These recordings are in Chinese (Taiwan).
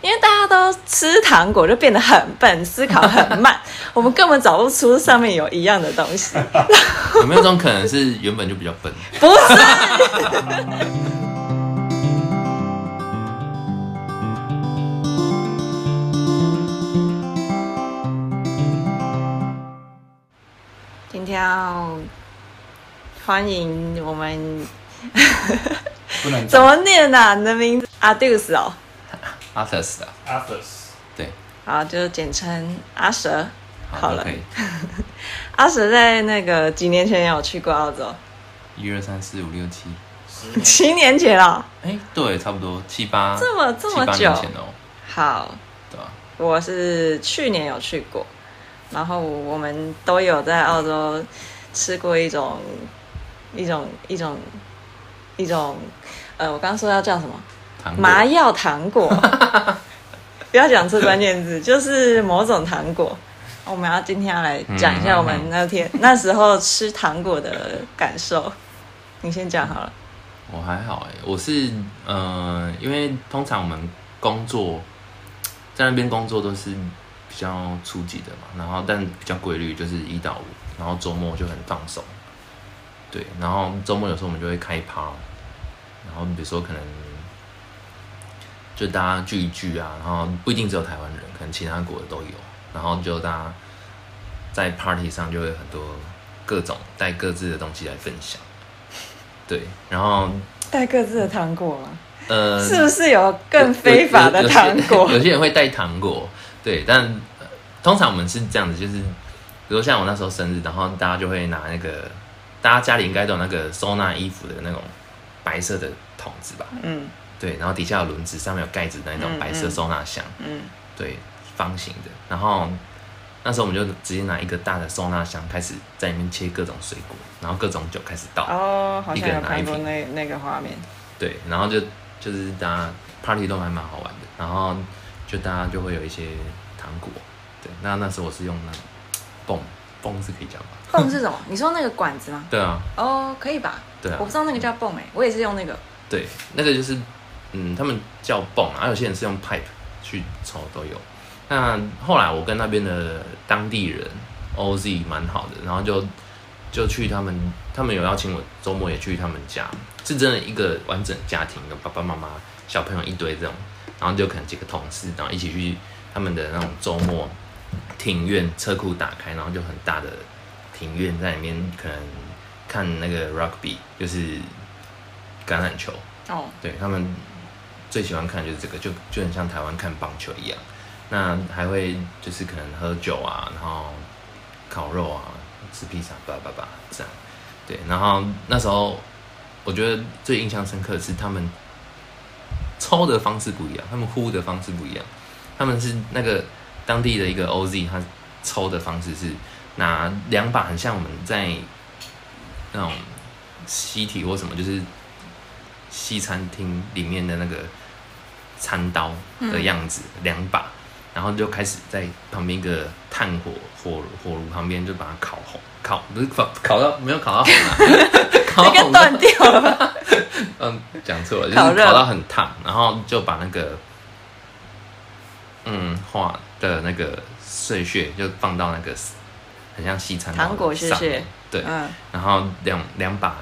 因為大家都吃糖果，就變得很笨，思考很慢。 我們根本找不出上面有一樣的東西。 有沒有這種可能是原本就比較笨？ 不是。今天要歡迎我們， 怎麼念呢、啊？你的名字阿迪斯哦。 阿瑟斯的阿瑟斯，對，就簡稱阿蛇，好了，好 okay、 阿蛇在那個幾年前有去過澳洲，一二三四五六七， 七年前了、哦。哎、欸，對，差不多七八，這麼這麼久、哦、好，對、啊、我是去年有去過，然後我們都有在澳洲吃過一種、嗯、一種一種一種，呃，我剛剛說要叫什麼？麻藥糖果， 不要講出關鍵字，就是某種糖果。我們要今天要來講一下我們那天 那時候吃糖果的感受。你先講好了。我、哦、還好我是嗯、呃，因為通常我們工作在那邊工作都是比較初級的嘛，然後但比較規律，就是一到五，然後週末就很放鬆。對，然後週末有時候我們就會開趴，然後你比如說可能。就大家聚一聚啊，然後不一定只有台灣人，可能其他國的都有。然後就大家在 party 上就會有很多各種帶各自的東西來分享。對，然後、嗯、帶各自的糖果嗎，呃，是不是有更非法的糖果？有，有，有，有些，有些人會帶糖果，對。但、呃、通常我們是這樣子，就是比如像我那時候生日，然後大家就會拿那個大家家裡應該都有那個收納衣服的那種白色的桶子吧，嗯。對，然後底下有輪子，上面有蓋子的那種白色收納箱。嗯。嗯，對，方形的。然後那時候我們就直接拿一個大的收納箱，開始在裡面切各種水果，然後各種酒開始倒。哦，好像有看過那個那，那個畫面。對，然後就就是大家 party 都還蠻好玩的。然後就大家就會有一些糖果。對，那那時候我是用那泵，泵是可以講嗎？泵是什麼 你說那個管子嗎？對啊。哦、oh，可以吧？對、啊、我不知道那個叫泵誒、欸，我也是用那個。對，那個就是。嗯，他們叫 bong，而有些人是用 pipe 去抽都有。那後來我跟那邊的當地人 OZ 蠻好的，然後就就去他們，他們有邀請我周末也去他們家，是真的一個完整的家庭，有爸爸媽媽、小朋友一堆這種，然後就可能幾個同事，然後一起去他們的那種周末庭院車庫打開，然後就很大的庭院在裡面，可能看那個 rugby 就是橄欖球哦，oh. 對他們。最喜歡看就是這個，就就很像台灣看棒球一樣，那還會就是可能喝酒啊，然後烤肉啊，吃披薩，叭叭叭這樣。對，然後那時候我覺得最印象深刻的是他們抽的方式不一樣，他們呼的方式不一樣。他們是那個當地的一個 OZ，他抽的方式是拿兩把很像我們在那種西堤或什麼，就是。西餐廳裡面的那個餐刀的樣子，兩、嗯、把，然後就開始在旁邊一個炭火火爐火爐旁邊就把它烤紅，烤不是烤烤到沒有烤到紅啊， 烤到斷掉了。嗯、 啊，講錯了，就是、烤到很燙，然後就把那個嗯畫的那個碎屑就放到那個很像西餐的糖果碎屑，對，嗯、然後兩兩把。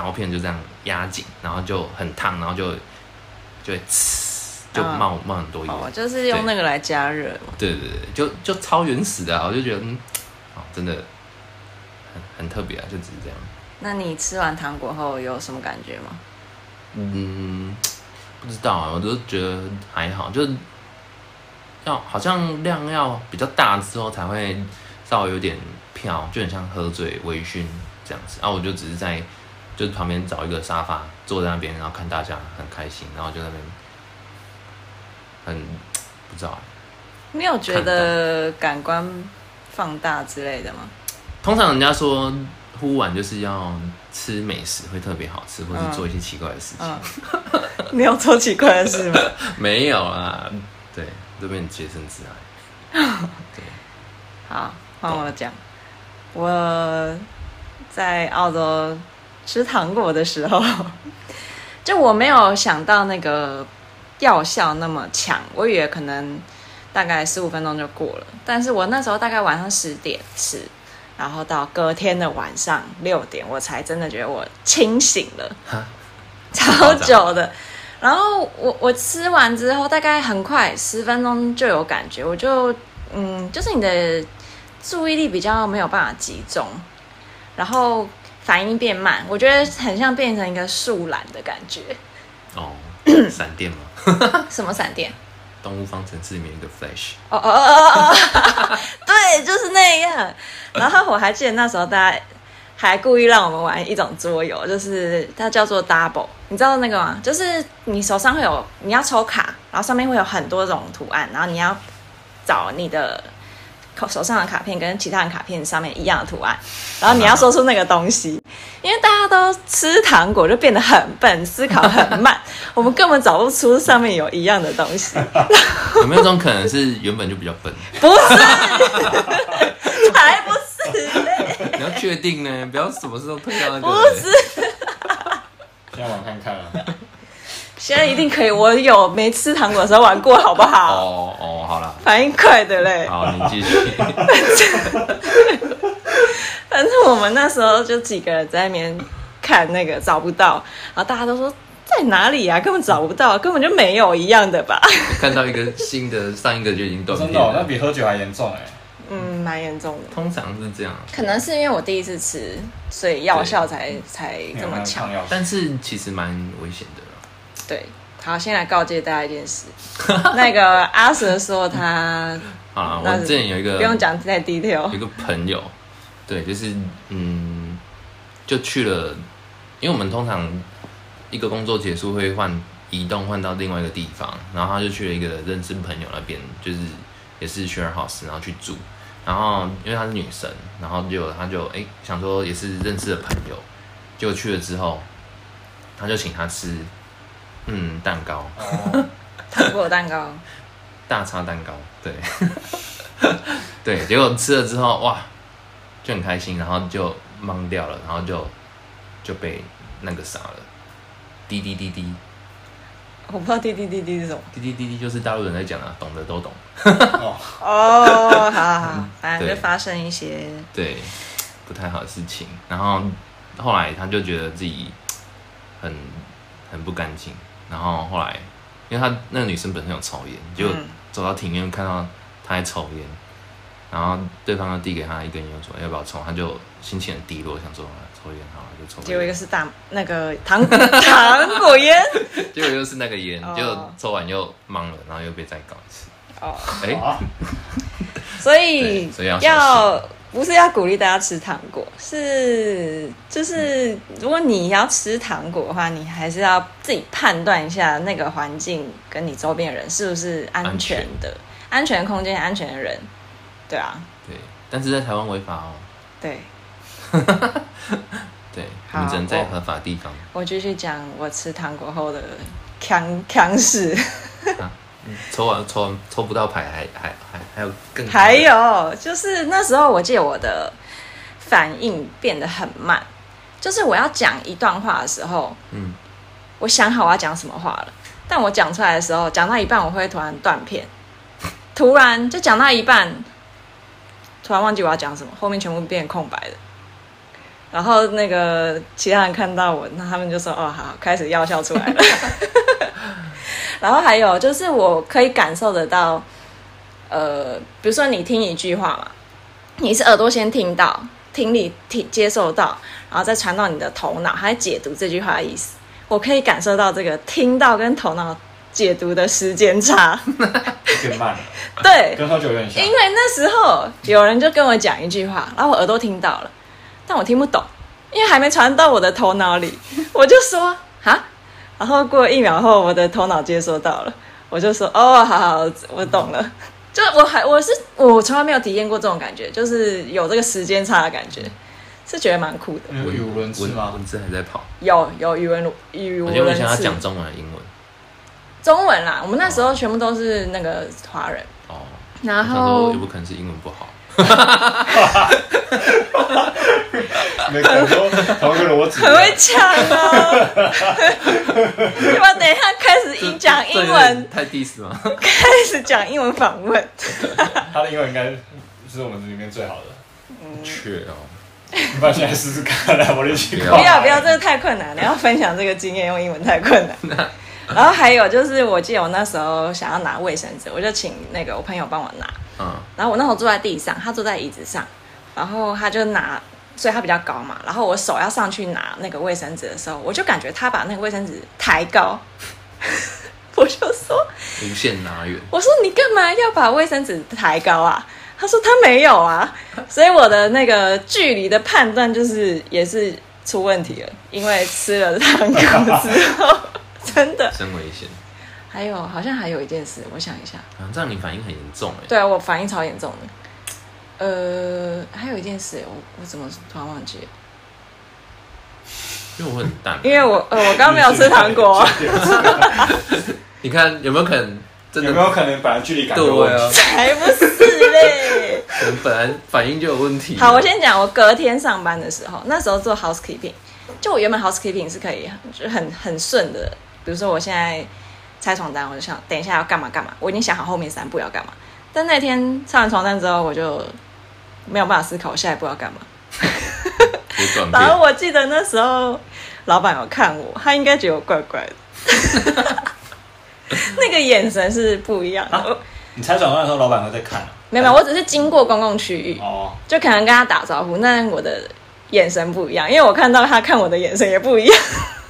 刀片就這樣壓緊，然後就很燙，然後就就呲，就冒，啊、冒很多油，哦。就是用那個來加熱。對，對對對，就就超原始的，啊，我就覺得嗯、哦，真的很，很特別啊，就只是這樣。那你吃完糖果後有什麼感覺嗎？嗯，不知道啊，我都覺得還好，就是要好像量要比較大的時候才會稍微有點飄，就很像喝醉微醺這樣子。啊，我就只是在。就旁邊找一個沙發坐在那邊，然後看大家很開心，然後就在那邊很不知道，你有覺得感官放大之類的嗎？通常人家說呼完就是要吃美食，會特別好吃，或者做一些奇怪的事情。嗯嗯、呵呵，你有做奇怪的事嗎？ 沒有啦、啊，對，這邊你潔身自愛。好，換我講，我在澳洲。吃糖果的時候，就我沒有想到那個藥效那麼強，我以為可能大概十五分鐘就過了。但是我那時候大概晚上十點吃，然後到隔天的晚上六點，我才真的覺得我清醒了，蛤？超久的。然後我我吃完之後，大概很快十分鐘就有感覺，我就嗯，就是你的注意力比較沒有辦法集中，然後。反應變慢，我覺得很像變成一個樹懶的感覺。哦，閃電嗎？ 什麼閃電？ 《動物方城市》裡面的 Flash。哦哦哦哦哦！對，就是那樣。然後我還記得那時候大家還故意讓我們玩一種桌遊，就是它叫做 Double，你知道那個嗎？就是你手上會有你要抽卡，然後上面會有很多種圖案，然後你要找你的口，手上的卡片跟其他人卡片上面一樣的圖案，然後你要說出那個東西。Uh-huh. 因為大家都吃糖果，就變得很笨，思考很慢， 我們根本找不出上面有一樣的東西。 有沒有這種可能是原本就比較笨？ 不是， 還不是、欸。你要確定呢、欸，不要什麼時候碰到那個、欸。不是， 現在我看看現在一定可以，我有沒吃糖果的時候玩過，好不好？哦哦，好了，反應快的嘞。好，你繼續。反 正我們那時候就幾個人在那邊看那個找不到，然後大家都說在哪裡啊？根本找不到，根本就沒有一樣的吧？看到一個新的，上一個就已經斷片了、哦。真的、哦，那比喝酒還嚴重哎。嗯，蠻嚴重的。通常是這樣。可能是因為我第一次吃，所以藥效才才這麼強藥效。但是其實蠻危險的。對，好，先來告誡大家一件事。 那個阿神說他啊， 我這裡有一個不用講太 detail，一個朋友，對，就是嗯，就去了，因為我們通常一個工作結束會換移動換到另外一個地方，然後他就去了一個認識朋友那邊，就是也是 share house，然後去住，然後因為她是女生，然後就他就哎、欸、想說也是認識的朋友，就去了之後，他就請她吃。嗯，蛋糕，糖、哦、果蛋糕，大叉蛋糕，對， 對，結果吃了之後，哇，就很開心，然後就懵掉了，然後就就被那個啥了，滴滴滴滴，我不知道滴滴滴滴是什麼？滴滴滴滴就是大陸人在講的，懂的都懂。 哦， 好好好、嗯、反正就發生一些對不太好的事情，然後後來他就覺得自己很很不乾淨。然後後來，因為她那個女生本身有抽煙，結果走到庭院看到她在抽煙，嗯，然後對方就遞給她一根煙，說要不要抽？她就心情很低落，想說抽，啊，煙好就抽。結果又是大那個糖果 糖果煙，結果又是那個煙，就，哦，抽完又懵了，然後又被再搞一次。哦，哎 ，所以要。要不是要鼓勵大家吃糖果，是就是如果你要吃糖果的話，你還是要自己判斷一下那個環境跟你周邊人是不是安全的，安全，安全空間、安全的人，對啊，對，但是在台灣違法哦，對， 對，你們只能在合法地方。我繼續講我吃糖果後的鏘鏘事。嗯、抽完抽完抽不到牌，還還還還有更？還有就是那時候，我記得我的反應變得很慢，就是我要講一段話的時候，嗯，我想好我要講什麼話了，但我講出來的時候，講到一半我會突然斷片，突然就講到一半，突然忘記我要講什麼，後面全部變空白了。然後那個其他人看到我，那他們就說：“哦，好，好，開始藥效出來了。 ”然後還有就是，我可以感受得到，呃，比如說你聽一句話嘛，你是耳朵先聽到，聽力聽接受到，然後再傳到你的頭腦，還解讀這句話的意思。我可以感受到這個聽到跟頭腦解讀的時間差，有點慢，對，跟喝酒有點像。因為那時候有人就跟我講一句話，然後我耳朵聽到了，但我聽不懂，因為還沒傳到我的頭腦裡，我就說。然後過了一秒後，我的頭腦接收到了，我就說：“哦，好好，我懂了。”就我還我是我從來沒有體驗過這種感覺，就是有這個時間差的感覺，是覺得蠻酷的。我、嗯、語文文字還在跑。有有語文語無倫次。而且我想要講中文，英文。中文啦，我們那時候全部都是那個華人。哦。然後也不可能是英文不好。 沒感覺會啊、很會說、喔，訪問搶哦！我等一下開始講英文，這這太 diss 了。開始講英文訪問， 他的英文應該是我們裡面最好的。嗯，缺哦、喔，你把現在試試看、啊，一起來，我不要不要，這個太困難了。你要分享這個經驗，用英文太困難。 然後還有就是，我記得我那時候想要拿衛生紙，我就請那個我朋友幫我拿。嗯。然後我那時候坐在地上，他坐在椅子上，然後他就拿。所以他比較高嘛，然後我手要上去拿那個衛生紙的時候，我就感覺他把那個衛生紙抬高， 我就說無限拉遠。我說你幹嘛要把衛生紙抬高啊？他說他沒有啊，所以我的那個距離的判斷就是也是出問題了，因為吃了蛋糕之後， 真的真危險。還有好像還有一件事，我想一下，啊、這樣你反應很嚴重哎、欸，對啊，我反應超嚴重的。呃，還有一件事，我我怎麼突然忘記了？因為我很淡， 因為我呃我剛沒有吃糖果。你， 你看有沒有可能，真的有沒有可能本來距離，本來距離感有問題，才不是嘞！可 能 本來反應就有問題。好，我先講，我隔天上班的時候，那時候做 housekeeping，就我原本 housekeeping 是可以就很很順的。比如說我現在拆床單，我就想等一下要幹嘛幹嘛，我已經想好後面三步要幹嘛。但那天拆完床單之後，我就。沒有辦法思考，我下一步要幹嘛？ 然後我記得那時候老闆有看我，他應該覺得我怪怪的， 那個眼神是不一樣的、啊。你才轉換的時候，老闆會在看嗎、啊？沒有，沒有，我只是經過公共區域，哦、嗯，就可能跟他打招呼。那我的眼神不一樣，因為我看到他看我的眼神也不一樣，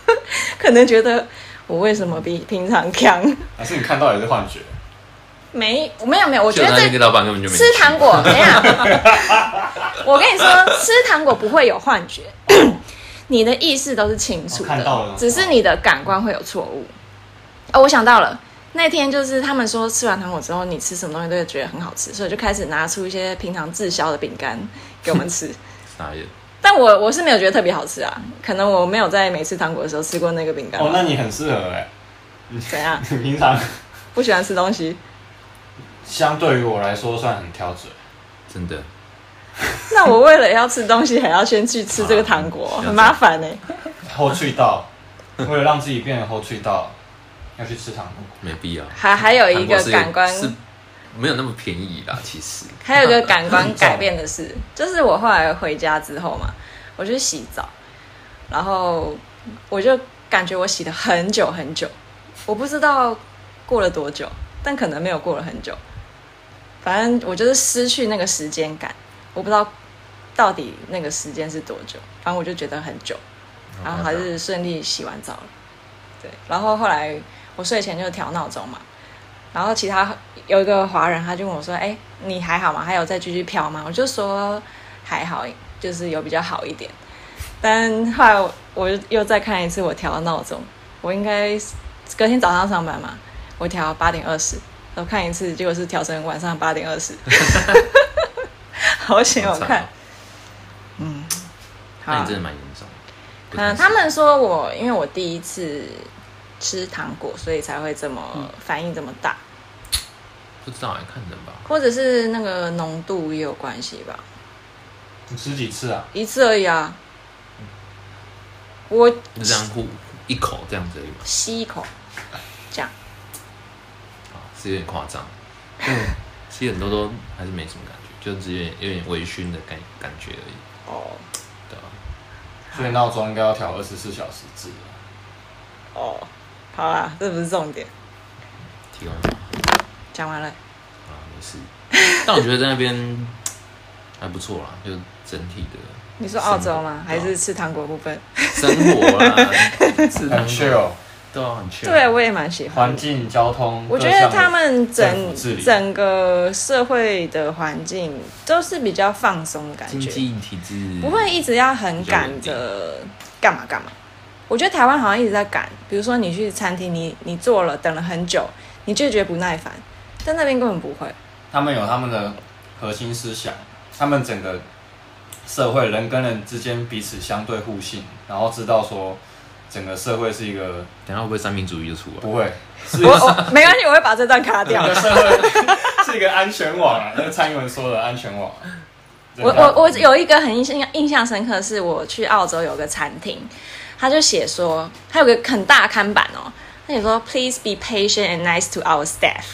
可能覺得我為什麼比平常強？還、啊、是你看到也是幻覺？沒，沒有沒有，我覺得那個老闆沒吃，吃糖果怎樣？沒有 我跟你說，吃糖果不會有幻覺，哦、 你的意識都是清楚的、哦，只是你的感官會有錯誤哦。哦，我想到了，那天就是他們說吃完糖果之後，你吃什麼東西都會覺得很好吃，所以就開始拿出一些平常滯銷的餅乾給我們吃。 但我我是沒有覺得特別好吃啊，可能我沒有在沒吃糖果的時候吃過那個餅乾。哦，那你很適合哎、欸，怎樣？平常不喜歡吃東西。相對於我來說，算很挑嘴，真的。 那我為了要吃東西，還要先去吃這個糖果，啊、很麻煩呢、欸。 後去到， 為了讓自己變後去到，要去吃糖果。沒必要。還、啊、還有一個感官沒有那麼便宜啦。其實。還有一個感官改變的是， 就是我後來回家之後嘛，我去洗澡，然後我就感覺我洗了很久很久，我不知道過了多久，但可能沒有過了很久。反正我就是失去那個時間感，我不知道到底那個時間是多久。反正我就覺得很久，然後還是順利洗完澡了。對，然後後來我睡前就調鬧鐘嘛，然後其他有一個華人他就問我說：“欸，你還好嗎？還有再繼續漂嗎？”我就說：“還好，就是有比較好一點。”但後來我又又再看一次我調鬧鐘，我應該隔天早上上班嘛，我調八點二十。看一次，結果是調成晚上八點二十， 好險、喔！我看，嗯，那真的蠻嚴重、啊。嗯，他們說我因為我第一次吃糖果，所以才會這麼、嗯、反應這麼大。不知道哎，看人吧。或者是那個濃度也有關係吧？你吃幾次啊？一次而已啊。嗯、我這樣一口這樣子可以吸一口，這樣。是有點誇張，其實很多都還是沒什麼感覺，就只有點有點微醺的感感覺而已。哦，對啊，所以鬧鐘應該要調二十四小時制。哦，好啊，這不是重點。停，講完了。啊，沒事。但我覺得在那邊還不錯啦，就整體的。你說澳洲嗎？啊？還是吃糖果部分？生活啊， 吃糖果對，我也蠻喜歡。環境、交通，我覺得他們整整個社會的環境都是比較放鬆的感覺，經濟體制，不會一直要很趕的幹嘛幹嘛。我覺得台灣好像一直在趕，比如說你去餐廳，你你坐了等了很久，你就覺得不耐煩，但那邊根本不會。他們有他們的核心思想，他們整個社會人跟人之間彼此相對互信，然後知道說。整個社會是一個，等下會不會三民主義就出來？不會，是 是是我我沒關係，我會把這段卡掉。 是一個安全網、啊， 蔡英文說的安全網、啊。我我我有一個很印印象深刻，是我去澳洲有個餐廳，他就寫說他有個很大看板哦、喔，他寫說 please be patient and nice to our staff，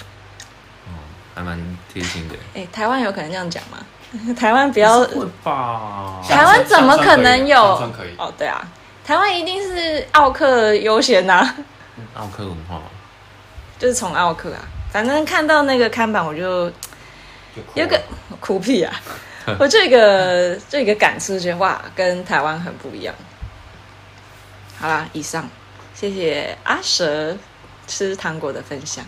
還蠻貼心的。哎、欸，台灣有可能這樣講嗎？台灣不要，吧，台灣怎麼可能有？啊、哦，對啊。台灣一定是澳客優先啊、嗯，澳客文化，就是從澳客啊，反正看到那個看板我就，就有個苦屁啊， 我這個這個感受就哇，跟台灣很不一樣。好啦，以上謝謝阿蛇吃糖果的分享。